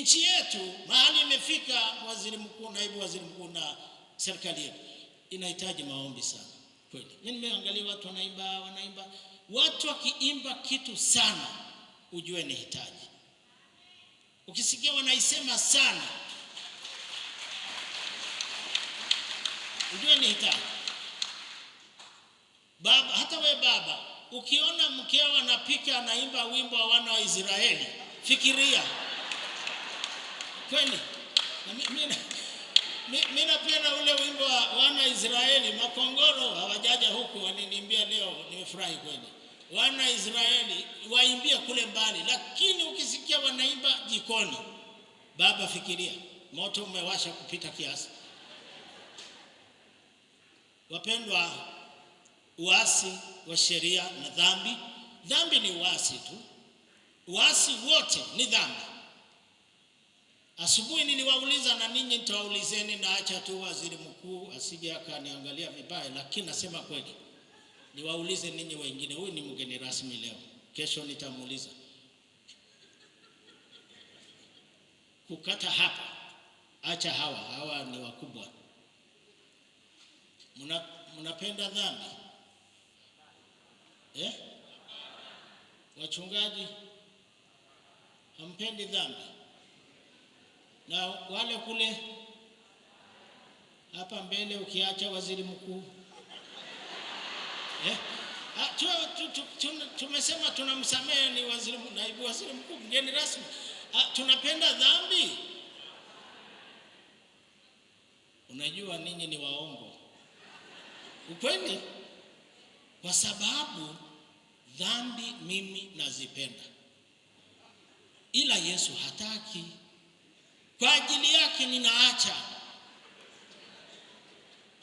nchi yetu mahali imefika, waziri mkuu, naibu waziri mkuu na serikali yetu inahitaji maombi sana kweli. Mimi nimeangalia watu wanaimba, wanaimba watu wakiimba kitu sana, ujue ni hitaji. Ukisikia wanaisema sana, ujue ni hitaji. Baba, hata we baba, ukiona mkeo anapika anaimba wimbo wa wana wa Israeli, fikiria kweli. Mina pia na ule wimbo wa wana Israeli, makongoro hawajaja huku, waniniimbia leo, nimefurahi kweli. Wana Israeli waimbie kule mbali, lakini ukisikia wanaimba jikoni, baba, fikiria moto umewasha kupita kiasi. Wapendwa, uasi wa sheria na dhambi, dhambi ni uasi tu, uasi wote ni dhambi. Asubuhi niliwauliza na ninyi nitawaulizeni, na acha tu waziri mkuu asije akaniangalia vibaya, lakini nasema kweli, niwaulize ninyi wengine. Huyu ni mgeni rasmi leo, kesho nitamuuliza kukata hapa. Acha hawa hawa ni wakubwa. Muna, mnapenda dhambi eh? Wachungaji hampendi dhambi na wale kule hapa mbele ukiacha waziri mkuu eh? ah, tu, Tumesema tunamsamehe ni waziri, naibu waziri mkuu mgeni rasmi. Ah, tunapenda dhambi. Unajua ninyi ni waongo ukweli, kwa sababu dhambi mimi nazipenda, ila Yesu hataki kwa ajili yake ninaacha.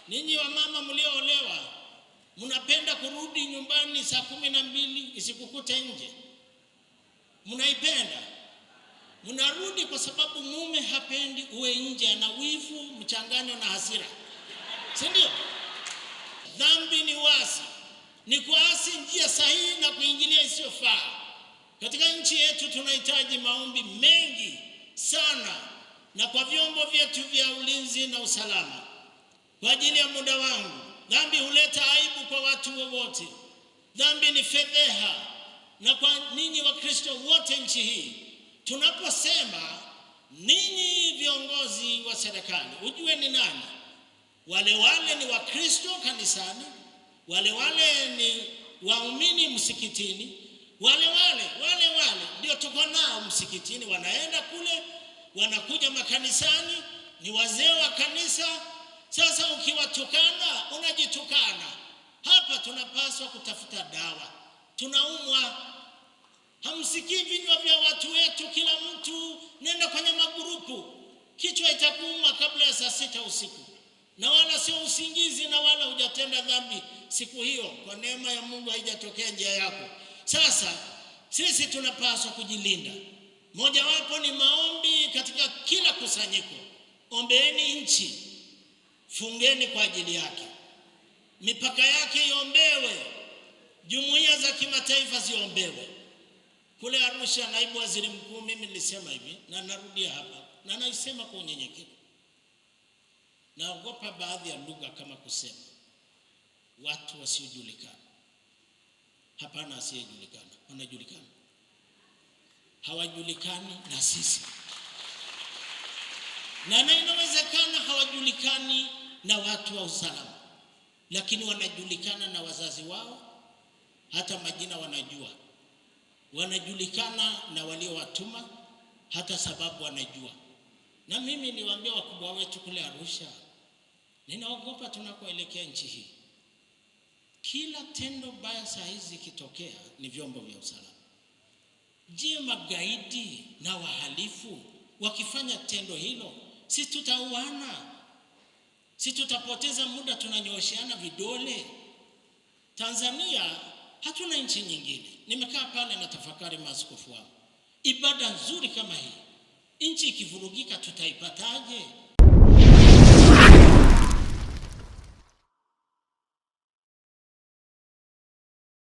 Ninyi wamama mlioolewa, mnapenda kurudi nyumbani saa kumi na mbili isikukute nje, mnaipenda mnarudi kwa sababu mume hapendi uwe nje, ana wivu mchanganyo na hasira, si ndio? Dhambi ni wasi, ni kuasi njia sahihi na kuingilia isiyofaa. Katika nchi yetu tunahitaji maombi mengi sana na kwa vyombo vyetu vya ulinzi na usalama. Kwa ajili ya muda wangu, dhambi huleta aibu kwa watu wowote. Dhambi ni fedheha, na kwa ninyi Wakristo wote nchi hii tunaposema ninyi viongozi wa serikali, ujue ni nani wale. Wale ni Wakristo kanisani, wale wale ni waumini msikitini, wale wale wale wale ndio tuko nao msikitini, wanaenda kule wanakuja makanisani, ni wazee wa kanisa. Sasa ukiwatukana unajitukana. Hapa tunapaswa kutafuta dawa, tunaumwa. Hamsikii vinywa vya watu wetu, kila mtu nenda kwenye magrupu, kichwa itakuuma kabla ya saa sita usiku, na wala sio usingizi, na wala hujatenda dhambi siku hiyo. Kwa neema ya Mungu haijatokea njia yako. Sasa sisi tunapaswa kujilinda, mojawapo ni ma makusanyiko, ombeeni nchi, fungeni kwa ajili yake, mipaka yake iombewe, jumuiya za kimataifa ziombewe. Kule Arusha, naibu waziri mkuu, mimi nilisema hivi na narudia hapa na naisema kwa unyenyekevu. Naogopa baadhi ya lugha kama kusema watu wasiojulikana. Hapana, asiyejulikana, wanajulikana, hawajulikani na sisi na na inawezekana hawajulikani na watu wa usalama, lakini wanajulikana na wazazi wao, hata majina wanajua, wanajulikana na waliowatuma, hata sababu wanajua. Na mimi niwaambia wakubwa wetu kule Arusha, ninaogopa tunakoelekea nchi hii. Kila tendo baya saa hizi ikitokea ni vyombo vya usalama. Je, magaidi na wahalifu wakifanya tendo hilo si tutauana? Si tutapoteza muda tunanyoosheana vidole? Tanzania hatuna nchi nyingine. Nimekaa pale na tafakari maaskofu wangu, ibada nzuri kama hii, nchi ikivurugika tutaipataje?